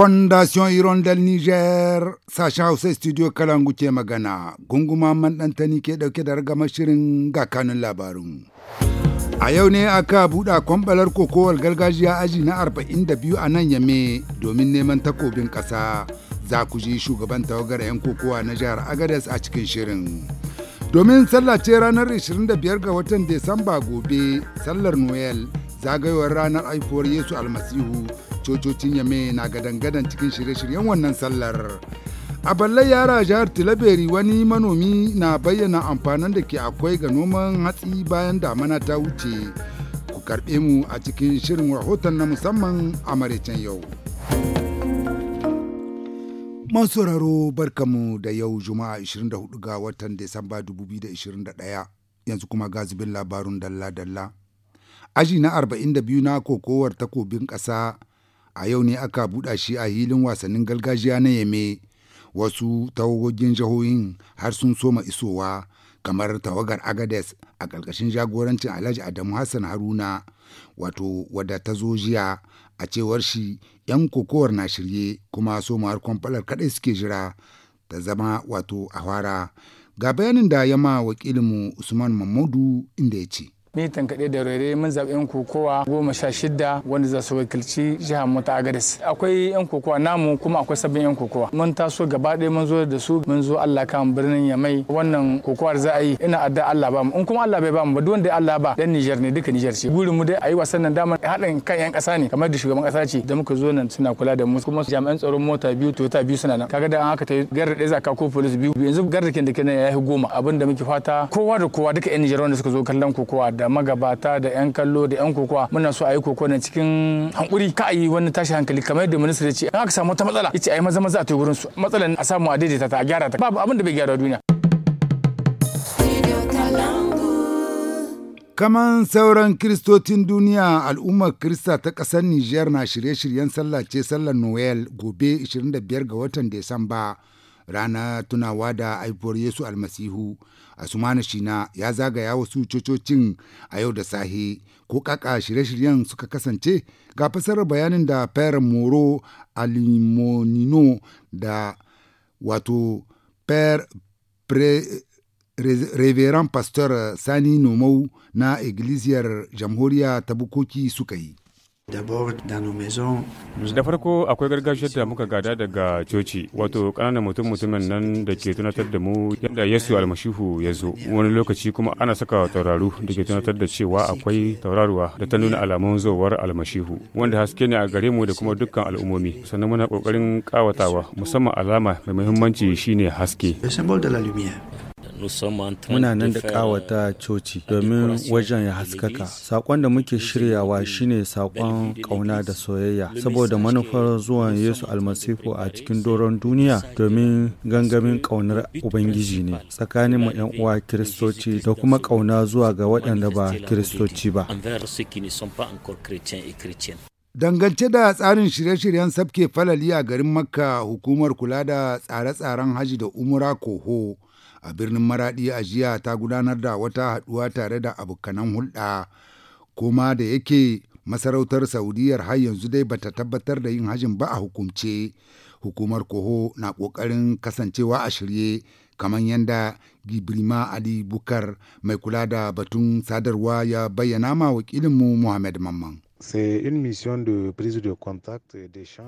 fondation hirondel niger Sacha hausa studio kalangu ke magana gunguma man ɗantani ke ɗauke da ragama shirin ga kanun labarin a yau ne aka buɗa kwambalar kokowar gargajiya aji na 42 a nan yame domin neman takobin ƙasa za ku ji shugaban tawagar 'yan kokowa na jihar agadez a cikin shirin domin sallah ranar 25 ga watan desamba gobe sallar noel zagayowar ranar haifuwar Yesu almasihu cococin yame na gadangadan cikin shirye-shiryen wannan sallar. A balle yara jihar Tilaberi wani manomi na bayyana amfanin da ke akwai ga noman hatsi bayan damana ta wuce. Ku karɓe mu a cikin shirin rahoton na musamman a maraicen yau. Masauraro barkamu da yau Juma'a 24 ga watan Disamba 2021 yanzu kuma ga zubin labarun dalla-dalla. Aji na 42 na kokowar takobin ƙasa a yau ne aka buɗa shi a hilin wasannin gargajiya na Yame. Wasu tawagogin jihohin har sun soma isowa kamar tawagar Agades a ƙarƙashin jagorancin Alhaji Adamu Hassan Haruna wato wadda ta zo jiya a cewar shi 'yan kokowar na shirye kuma somawar kwamfalar kaɗai suke jira ta zama wato a fara, ga bayanin da ya ma wakilinmu Usman Mamadu inda ya ce. ni tankaɗe da rere mun zaɓi 'yan kokowa goma sha shida wanda za su wakilci jihar mota agadis akwai 'yan kokowa namu kuma akwai sabbin 'yan kokowa mun taso gaba ɗaya mun zo da su mun zo allah kan birnin yamai wannan kokowar za a yi ina adda allah ba mu in kuma allah bai ba mu ba duwanda allah ba dan nijar ne duka nijar ce burin mu dai a yi wasan nan damar haɗin kan 'yan ƙasa ne kamar da shugaban ƙasa ce da muka zo nan suna kula da mu kuma jami'an tsaron mota biyu toyota biyu suna nan kaga da an haka ta garda ɗaya zaka ko polis biyu yanzu garda kin da kenan ya yi goma abin da muke fata kowa da kowa duka 'yan nijar wanda suka zo kallon kokowa da magabata da 'yan kallo da 'yan kokowa muna so a yi kokowa cikin hankuri ka a yi wani tashi hankali kamar yadda minista ya ce in aka samu wata matsala ya ce a yi maza maza a ta gurin su matsalan a samu a daidaita ta a gyara ta babu abin da bai gyara duniya. Kaman sauran kiristocin duniya al'ummar Kirista ta ƙasar Nijar na shirye-shiryen sallah ce sallar Noel gobe 25 ga watan Desamba. rana tunawa da aifuwar Yesu almasihu Asumani Shina ya zagaya wasu cococin a yau da sahi ko kaka shirye-shiryen suka kasance ga fasarar bayanin da Pere Moro Alimonino da wato Pere Reverend Pastor Sani Nomau na Iglesiyar Jamhuriya ta Bukoki suka yi. Da farko akwai gargajiyar da muka gada daga coci, wato ƙananan mutum-mutumin nan da ke tunatar da mu yadda Yesu almashihu ya zo. Wani lokaci kuma ana saka tauraru da ke tunatar da cewa akwai tauraruwa da ta nuna alamun zowar almashihu, wanda haske ne a gare mu da kuma dukkan al'ummomi. Sannan muna ƙoƙarin ƙawatawa, musamman alama mai muhimmanci shine haske. muna nan da kawata euh, coci domin wajen ya haskaka sakon da muke shiryawa shine sakon kauna da soyayya saboda manufar zuwan yesu Almasifu a cikin doron duniya domin gangamin kaunar ubangiji ne tsakanin mu yan uwa kiristoci da kuma kauna zuwa ga waɗanda ba kiristoci ba Dangance da tsarin shirye-shiryen sabke falali a garin Makka hukumar kula da tsare-tsaren haji da umura koho a birnin maradi a jiya ta gudanar da wata haduwa tare da abokanan hulɗa kuma da yake masarautar saudiyar har yanzu dai bata tabbatar da yin hajin ba a hukumce hukumar koho na kokarin kasancewa a shirye kamar yadda gibrima ali bukar mai kula da batun sadarwa ya bayyana ma wakilinmu muhammed mamman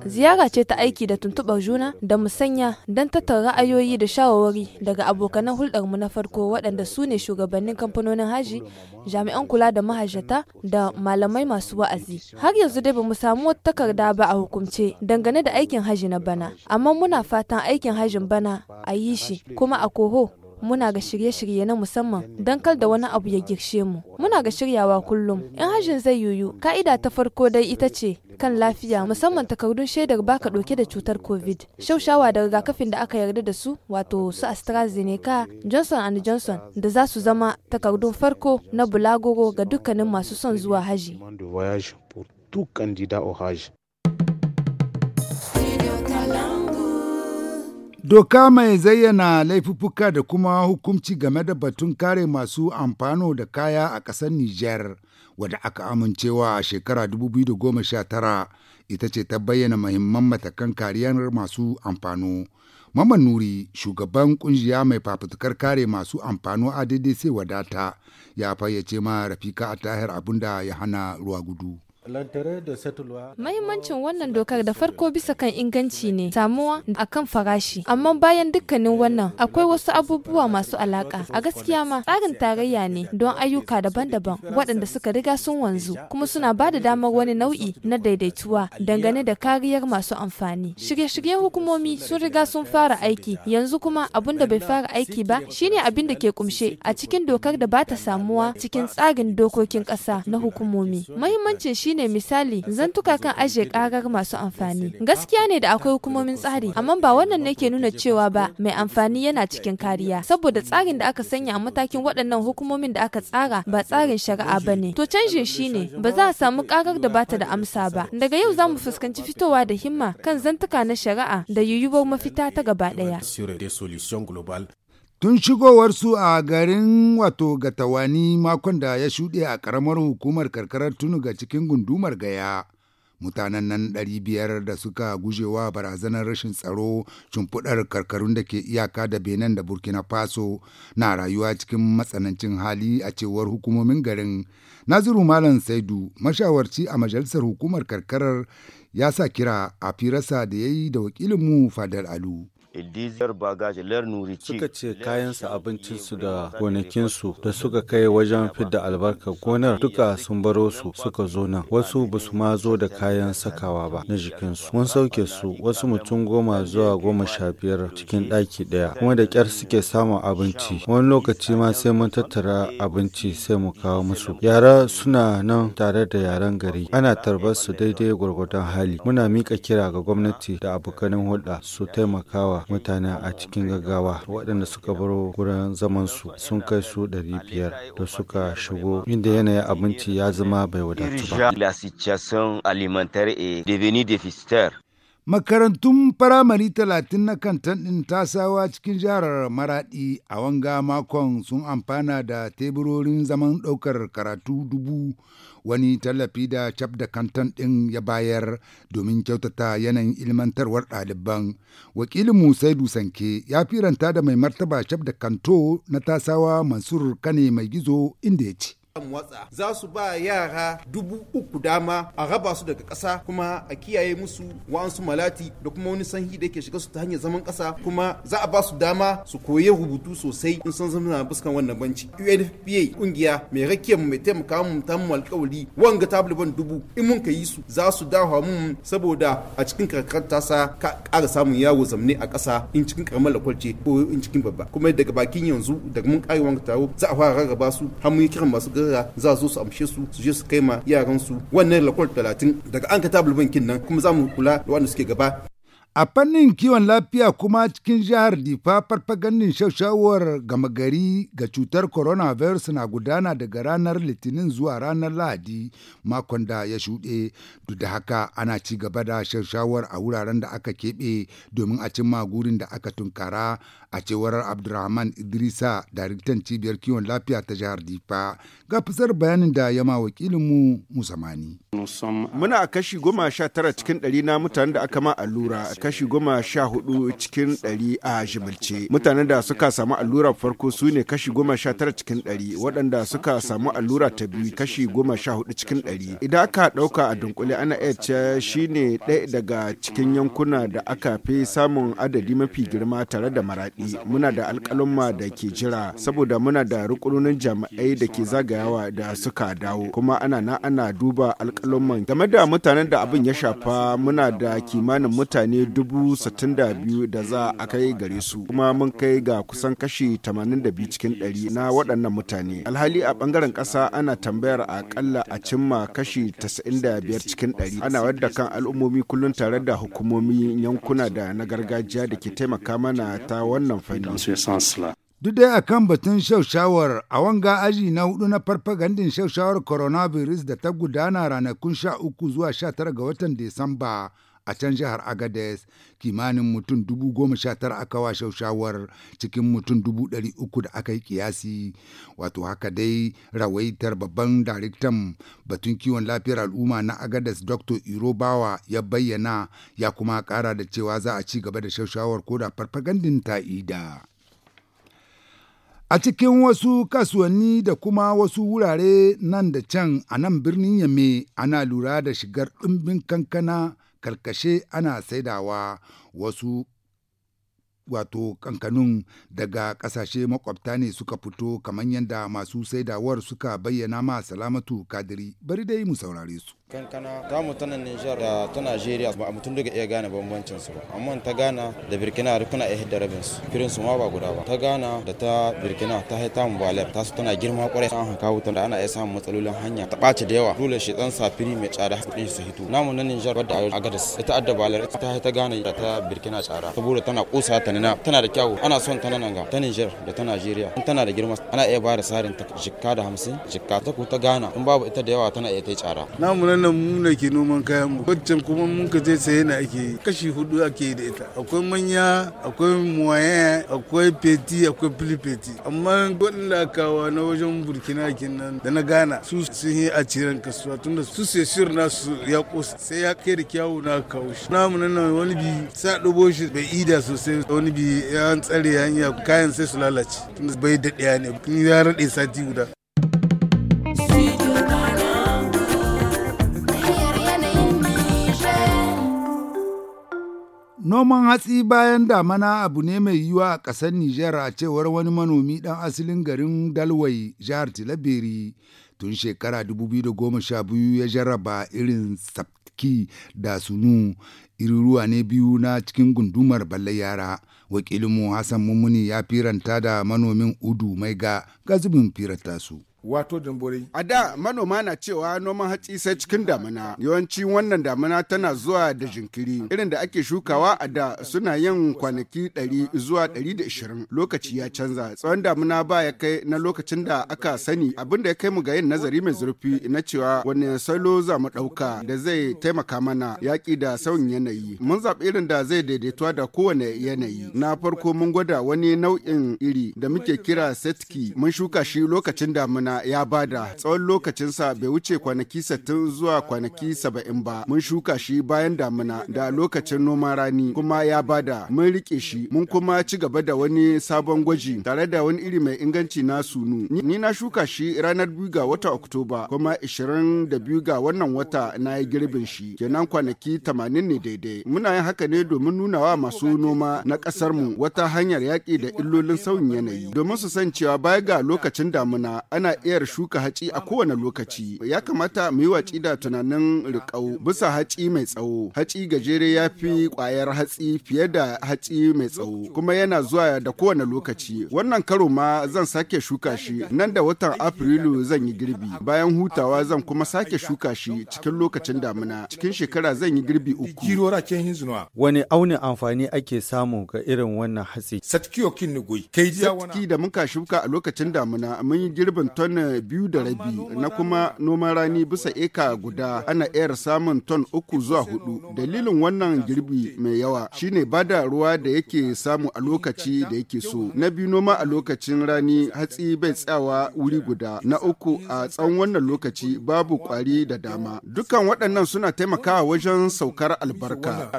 Ziyara ce ta aiki da tuntuɓar juna da musanya don tattara ra'ayoyi da shawarwari daga abokanan hulɗarmu na farko waɗanda su ne shugabannin kamfanonin haji, jami'an kula da mahajjata da malamai masu wa'azi. Har yanzu dai ba mu samu wata takarda ba a hukumce dangane da aikin haji na bana, amma muna fatan aikin hajin bana a yi shi kuma a koho muna ga shirye-shirye na musamman don kar da wani abu ya girshe mu. Muna ga shiryawa kullum. In hajjin zai yuyu, ka'ida ta farko dai ita ce kan lafiya musamman takardun shaidar baka ɗauke da cutar COVID. Shaushawa da rigakafin da aka yarda da su wato su AstraZeneca, Johnson and Johnson da za su zama takardun farko na bulagoro ga dukkanin masu son zuwa haji. Doka mai zayyana laifuffuka da kuma hukunci game da batun kare masu amfano da kaya a ƙasar Nijar, wadda aka amincewa a shekara 2019 ita ce ta bayyana mahimman matakan kariyar masu amfano. Maman Nuri, shugaban kungiya mai fafutukar kare masu amfano a daidai sai wadata, ya fayyace ma Rafika a tahir abinda ya hana ruwa gudu. Mahimmancin wannan dokar da farko bisa kan inganci ne samuwa a kan farashi, amma bayan dukkanin wannan akwai wasu abubuwa masu alaƙa. A gaskiya ma tsarin tarayya ne don ayyuka daban-daban waɗanda suka riga sun wanzu kuma suna ba da damar wani nau'i na daidaituwa dangane da kariyar masu amfani. Shirye-shiryen hukumomi sun riga sun fara aiki yanzu kuma abin da bai fara aiki ba shine abin da ke kumshe a cikin dokar da ba ta samuwa cikin tsarin dokokin ƙasa na hukumomi. Mahimmancin shi shine misali zantuka kan ajiye karar masu amfani. Gaskiya ne da akwai hukumomin tsari, amma ba wannan ne ke nuna cewa ba mai amfani yana cikin kariya, saboda tsarin da aka sanya a matakin waɗannan hukumomin da aka tsara ba tsarin shari'a ba ne. To canjin shine ba za a samu karar da bata da amsa ba. Daga yau za mu fuskanci fitowa da himma kan zantuka na shari'a da yiwuwar mafita ta gaba ɗaya. Tun shigowarsu a garin wato Gatawani makon da ya shuɗe a ƙaramar hukumar karkarar tunu ga cikin gundumar gaya. mutanen nan ɗari biyar da suka gujewa barazanar rashin tsaro cumfuɗar karkarun da ke iyaka da benin da burkina faso na rayuwa cikin matsanancin hali a cewar hukumomin garin naziru malam saidu mashawarci a majalisar hukumar karkarar ya sa kira a firarsa da ya yi da wakilinmu fadar alu suka ce kayansu abincinsu da gonakinsu da suka kai wajen fidda albarka gonar duka sun baro su suka zo nan wasu ba su ma zo da kayan sakawa ba na jikinsu mun sauke su wasu mutum goma zuwa goma sha biyar cikin ɗaki ɗaya kuma da kyar suke samun abinci wani lokaci ma sai mun tattara abinci sai mu kawo musu yara suna nan tare da yaren gari ana tarbar su daidai gwargwadon hali muna mika kira ga gwamnati da abokanin hulɗa su taimakawa mutane a cikin gaggawa waɗanda suka baro zaman zamansu sun kai su 500 da suka shigo inda yanayin abinci ya zama bai wadatu ba. Makarantun firamare talatin na kantan ɗin tasawa cikin jihar Maraɗi a wanga makon sun amfana da teburorin zaman ɗaukar karatu dubu wani tallafi da cap da kantan ɗin ya bayar domin kyautata yanayin ilmantarwar ɗaliban. Wakilin Musaidu Sanke ya firanta da mai martaba cap da kanto na tasawa Mansur Kane mai gizo inda ya ce. watsa za su ba yara dubu uku dama a raba su daga ƙasa kuma a kiyaye musu wa'ansu malati da kuma wani sanhi da ke shiga su ta hanyar zaman ƙasa kuma za a ba su dama su koye rubutu sosai in san zama fuskan wannan banci UNFPA kungiya mai rakiyar mai taimaka mu ta mu alƙawari wanga tabliban dubu in mun ka yi su za su dawo mu saboda a cikin karkar tasa ka ƙara samun yawo zamne a ƙasa in cikin karamar lakwalce ko in cikin babba kuma daga bakin yanzu daga mun ƙari wanga taro za a fara rarraba su har mun yi kiran masu da za su su amshe su su je su kai ma yaran su wannan lakwal talatin daga an ka tabul bankin nan kuma za mu kula da wanda suke gaba A fannin kiwon lafiya kuma cikin jihar Difa farfagandin shawar gama gari ga cutar coronavirus na gudana daga ranar Litinin zuwa ranar Lahadi makon da ya shuɗe. Duk da haka ana ci gaba da shashawar a wuraren da aka keɓe domin a cimma gurin da aka tunkara a cewar Abdulrahman Idrisa, daraktan cibiyar kiwon lafiya ta jihar Difa. Ga fusar bayanin da ya ma wakilinmu Musamani. Muna kashi goma sha tara cikin ɗari na mutanen da aka ma allura kashi goma sha hudu cikin ɗari a jimilce. Mutanen da suka samu allura farko su ne kashi goma sha tara cikin ɗari waɗanda suka samu allura ta biyu kashi goma sha hudu cikin ɗari. Idan aka ɗauka a dunkule ana iya ce shi ne ɗaya daga cikin yankuna da aka fi samun adadi mafi girma tare da maraɗi. Muna da alƙalumma da ke jira saboda muna da rukunin jami'ai da ke zagayawa da suka dawo kuma ana na ana duba alƙalumman game da mutanen da abin ya shafa muna da kimanin mutane dubu sittin da biyu da za a kai gare su kuma mun kai ga kusan kashi tamanin cikin dari na waɗannan mutane alhali a ɓangaren ƙasa ana tambayar a aƙalla a cimma kashi tasa'in da cikin dari ana wadda kan al'ummomi kullum tare da hukumomi yankuna da na gargajiya da ke taimaka mana ta wannan fanni duk dai akan batun shawar a wanga aji na hudu na farfagandin shawar coronavirus da ta gudana ranakun sha uku zuwa sha tara ga watan Disamba a can jihar agades kimanin mutum dubu goma sha tara aka wa shawar cikin mutum dubu ɗari uku da aka yi kiyasi wato haka dai rawaitar babban daraktan batun kiwon lafiyar al'umma na agades dr irobawa ya bayyana ya kuma ƙara da cewa za a ci gaba da ko da farfagandin ta'ida. A cikin wasu kasuwanni da kuma wasu wurare nan da can a nan birnin Yame ana lura da shigar ɗumbin kankana karkashe ana saidawa wasu wato kankanun daga kasashe makwabta ne suka fito kamar yadda masu saidawar suka bayyana ma salamatu kadiri bari dai mu saurare su kankana ta mutu nan Nijar da ta Najeriya ba a mutum daga iya gane bambancin su ba amma ta Ghana da Burkina da kuna iya da rabin su kirin su ma ba guda ba ta Ghana da ta Burkina ta haita mu balar ta su tana girma kwarai an haka wuta da ana iya samun matsalolin hanya ta bace da yawa dole shi dan safiri mai tsada kudin su hito namu na Nijar wadda a gadas ita adda balar ta haita Ghana da ta Burkina tsara saboda tana kusa ta nana tana da kyawu ana son ta nan ga ta Nijar da ta Najeriya in tana da girma ana iya ba da sarin ta jikka da 50 jikka ta ku ta Ghana in babu ita da yawa tana iya ta tsara namu wannan mu ne ke noman kayan mu wancan kuma mun ka je saye na ake yi kashi hudu ake yi da ita akwai manya akwai moyen akwai peti akwai filipeti amma waɗanda kawa na wajen burkina kinan da na gana. su sun yi a ciran kasuwa tunda su sai shir na su ya kosa sai ya kai da kyawu na kawo shi namu nan wani bi sa dubo shi bai ida sosai wani bi ya tsare hanya kayan sai su lalace tunda bai daɗe ne ya raɗe sati guda Noman hatsi bayan damana abu ne mai yiwuwa a ƙasar Nijar a cewar wani manomi ɗan asalin garin Dalwai jihar Tilaberi tun shekara 2012 ya jarraba irin sabki da sunu iruruwa ne biyu na cikin gundumar balle yara. Wakilinmu Hassan Mummuni ya firanta da manomin Udu mai ga zubin firanta su. wato dambori. A da manoma na cewa noman hatsi sai cikin damina, yawanci wannan damina tana zuwa da jinkiri. Irin da ake shukawa a da suna yin kwanaki 100 zuwa 120 lokaci ya canza. Tsawon damina ba ya kai na lokacin da aka sani abin da ya kai mu ga yin nazari mai zurfi na cewa wani salo za mu ɗauka da zai taimaka mana yaƙi da sauyin yanayi. Mun zaɓi irin da zai daidaituwa da kowane yanayi. Na farko mun gwada wani nau'in iri da muke kira setki mun shuka shi lokacin damina ya bada tsawon lokacinsa bai wuce kwanaki 60 zuwa kwanaki saba'in ba. Mun shuka shi bayan damina da lokacin noma rani kuma ya bada mun rike shi mun kuma ci gaba da wani sabon gwaji tare da wani iri mai inganci na sunu. Ni na shuka shi ranar biyu ga wata Oktoba kuma 22 ga wannan wata na yi girbin shi kenan kwanaki tamanin ne daidai. Muna yin haka ne domin nuna wa masu noma na kasar mu wata hanyar yaki da illolin sauyin yanayi domin su san cewa baya ga lokacin damina ana iyar shuka haci a kowane lokaci. Ya kamata mu yi watsi da tunanin rikau bisa haci mai tsawo. Haci gajere ya fi kwayar hatsi fiye da haci mai tsawo kuma yana zuwa da kowane lokaci. Wannan karo ma zan sake shuka shi nan da watan Afrilu zan yi girbi. Bayan hutawa zan kuma sake shuka shi cikin lokacin damina. Cikin shekara zan yi girbi uku. Wani aunin amfani ake samu ga irin wannan hatsi? Satki da muka shuka a lokacin damina mun yi girbin ton na biyu da rabi na kuma noman rani bisa eka guda ana iya samun ton uku zuwa hudu. Dalilin wannan girbi mai yawa shine bada ruwa da yake samu a lokaci da yake so. Na biyu noma a lokacin rani hatsi bai tsayawa wuri guda. Na uku a tsawon wannan lokaci babu kwari da dama. Dukan waɗannan suna taimakawa wajen saukar albarka.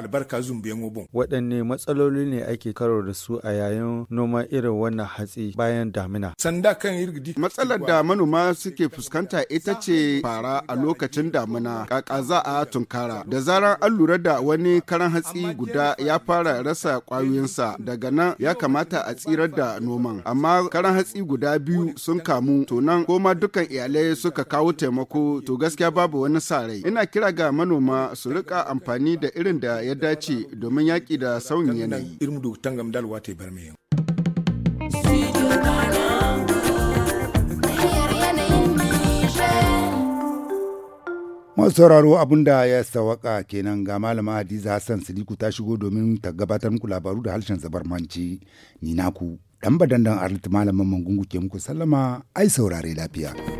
Waɗanne matsaloli ne ake karo da su a yayin noma irin wannan hatsi bayan damina. Matsalar da manoma suke fuskanta ita ce fara a lokacin damuna kaka za a tunkara. Da zarar an lura da wani karan hatsi guda ya fara rasa kwayoyinsa daga nan ya kamata a tsirar da noman. Amma karan hatsi guda biyu sun kamu to nan koma dukan iyalai suka kawo taimako to gaskiya babu wani sa rai. Ina kira ga manoma su rika amfani da irin da ya dace domin yaƙi da sauyin yanayi. Studio Ghana. masu sauraro abin da ya sawaka kenan ga malama hadiza hassan sadiku ta shigo domin ta gabatar muku labaru da harshen zabarmanci ni naku dan badandan arlit malamin mangungu ke muku sallama ai saurare lafiya.